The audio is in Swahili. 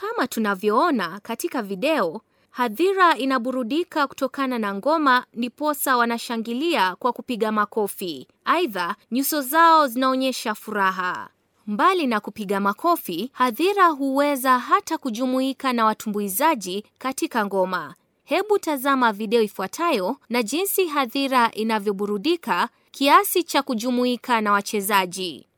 Kama tunavyoona katika video, hadhira inaburudika kutokana na ngoma, ndiposa wanashangilia kwa kupiga makofi. Aidha, nyuso zao zinaonyesha furaha. Mbali na kupiga makofi, hadhira huweza hata kujumuika na watumbuizaji katika ngoma. Hebu tazama video ifuatayo na jinsi hadhira inavyoburudika kiasi cha kujumuika na wachezaji.